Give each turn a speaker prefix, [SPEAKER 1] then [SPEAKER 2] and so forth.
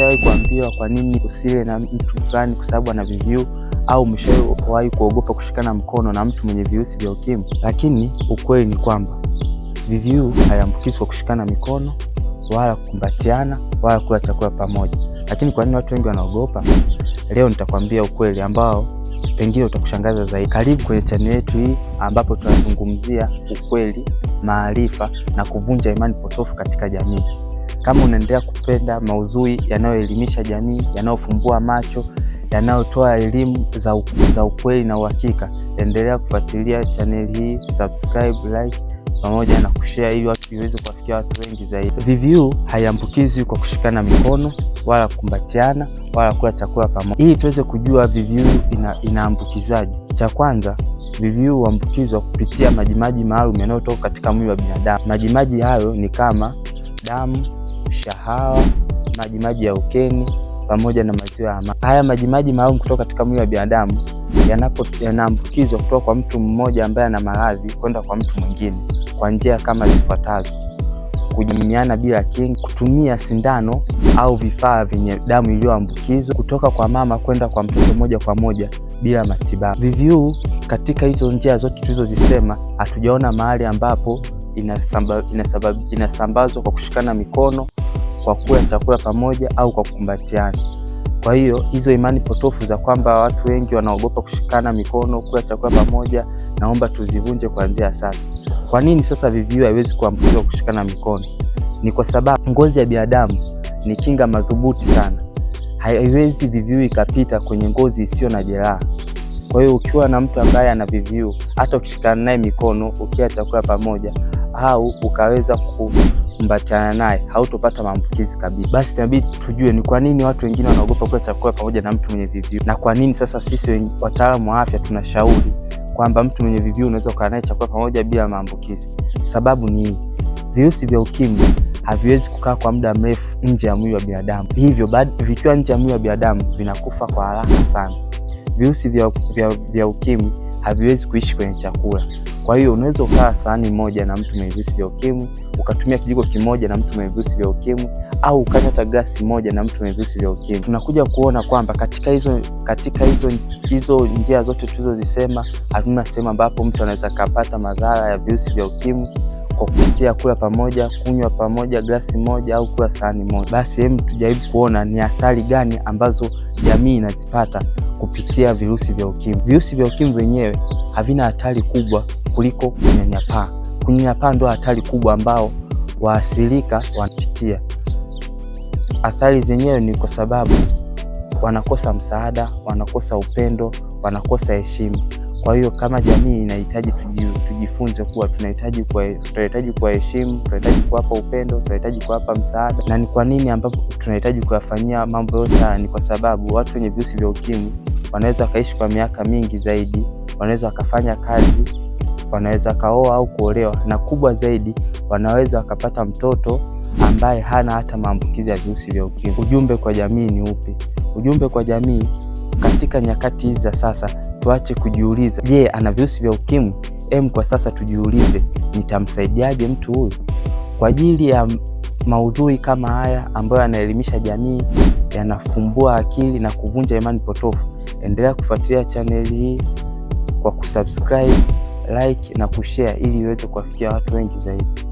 [SPEAKER 1] Umeshawahi kuambiwa kwa nini usile na mtu fulani kwa sababu ana VVU au umeshawahi kuogopa kushikana mkono na mtu mwenye virusi vya ukimwi? Lakini ukweli ni kwamba VVU hayaambukizwi kwa kushikana mikono wala kukumbatiana wala kula chakula pamoja. Lakini kwa nini watu wengi wanaogopa? Leo nitakwambia ukweli ambao pengine utakushangaza zaidi. Karibu kwenye chaneli yetu hii ambapo tunazungumzia ukweli, maarifa na kuvunja imani potofu katika jamii. Kama unaendelea kupenda maudhui yanayoelimisha jamii, yanayofumbua macho, yanayotoa elimu za, za ukweli na uhakika, endelea kufuatilia chaneli hii, subscribe, like pamoja na kushare ili watu iweze kuwafikia watu wengi zaidi. VVU haiambukizwi kwa kushikana mikono wala kukumbatiana wala kula chakula pamoja. Ili tuweze kujua VVU ina, inaambukizaje, cha kwanza VVU huambukizwa kupitia majimaji maalum yanayotoka katika mwili wa binadamu. Majimaji hayo ni kama damu shahawa, majimaji ya ukeni pamoja na maziwa ya Haya majimaji maalum kutoka katika mwili wa binadamu yanaambukizwa kutoka kwa mtu mmoja ambaye ana maradhi kwenda kwa mtu mwingine kwa njia kama zifuatazo: kujamiana bila kinga, kutumia sindano au vifaa vyenye damu iliyoambukizwa kutoka kwa mama kwenda kwa mtoto moja kwa moja bila matibabu. VVU katika hizo njia zote tulizozisema, hatujaona mahali ambapo inasambazwa inasamba kwa kushikana mikono kwa kula chakula pamoja au kwa kukumbatiana. Kwa hiyo hizo imani potofu za kwamba watu wengi wanaogopa kushikana mikono, kula chakula pamoja, naomba tuzivunje kuanzia sasa. Kwa nini sasa VVU haiwezi kuambukizwa kushikana mikono? Ni kwa sababu ngozi ya binadamu ni kinga madhubuti sana, haiwezi VVU ikapita kwenye ngozi isiyo na jeraha. Kwa hiyo ukiwa na mtu ambaye ana VVU, hata ukishikana naye mikono, ukila chakula pamoja, au ukaweza ku kukumbatiana naye hautopata maambukizi kabisa. Basi inabidi tujue ni kwa nini watu wengine wanaogopa kula chakula pamoja na mtu mwenye VVU na kwa nini sasa sisi wataalamu wa afya tunashauri kwamba mtu mwenye VVU unaweza ukaa naye chakula pamoja bila maambukizi. Sababu ni hii: virusi vya ukimwi haviwezi kukaa kwa muda mrefu nje ya mwili wa binadamu, hivyo vikiwa nje ya mwili wa binadamu vinakufa kwa haraka sana virusi vya, vya, vya ukimwi haviwezi kuishi kwenye chakula. Kwa hiyo unaweza ukaa sahani moja na mtu mwenye virusi vya ukimwi, ukatumia kijiko kimoja na mtu mwenye virusi vya ukimwi, au ukanywa hata glasi moja na mtu mwenye virusi vya ukimwi. Tunakuja kuona kwamba katika hizo katika hizo hizo njia zote tulizozisema, hatuna sehemu ambapo mtu anaweza kapata madhara ya virusi vya ukimwi kwa kupitia kula pamoja, kunywa pamoja, glasi moja au kula sahani moja. Basi hem, tujaribu kuona ni hatari gani ambazo jamii inazipata kupitia virusi vya ukimwi. Virusi vya ukimwi vyenyewe havina hatari kubwa kuliko kunyanyapaa. Kunyanyapaa ndio hatari kubwa ambao waathirika wanapitia. Athari zenyewe ni kwa sababu wanakosa msaada, wanakosa upendo, wanakosa heshima. Kwa hiyo kama jamii inahitaji tujifunze kuwa tunahitaji tunahitaji kuwaheshimu, tunahitaji kuwapa upendo, tunahitaji kuwapa msaada. Na ni kwa nini ambapo tunahitaji kuyafanyia mambo yote haya? Ni kwa sababu watu wenye virusi vya ukimwi wanaweza wakaishi kwa miaka mingi zaidi, wanaweza wakafanya kazi, wanaweza wakaoa au kuolewa, na kubwa zaidi, wanaweza wakapata mtoto ambaye hana hata maambukizi ya virusi vya UKIMWI. Ujumbe kwa jamii ni upi? Ujumbe kwa jamii katika nyakati hizi za sasa, tuache kujiuliza, je, ana virusi vya UKIMWI? Em, kwa sasa tujiulize, nitamsaidiaje mtu huyu? Kwa ajili ya maudhui kama haya ambayo yanaelimisha jamii, yanafumbua akili na kuvunja imani potofu, endelea kufuatilia chaneli hii kwa kusubscribe, like na kushare ili iweze kuwafikia watu wengi zaidi.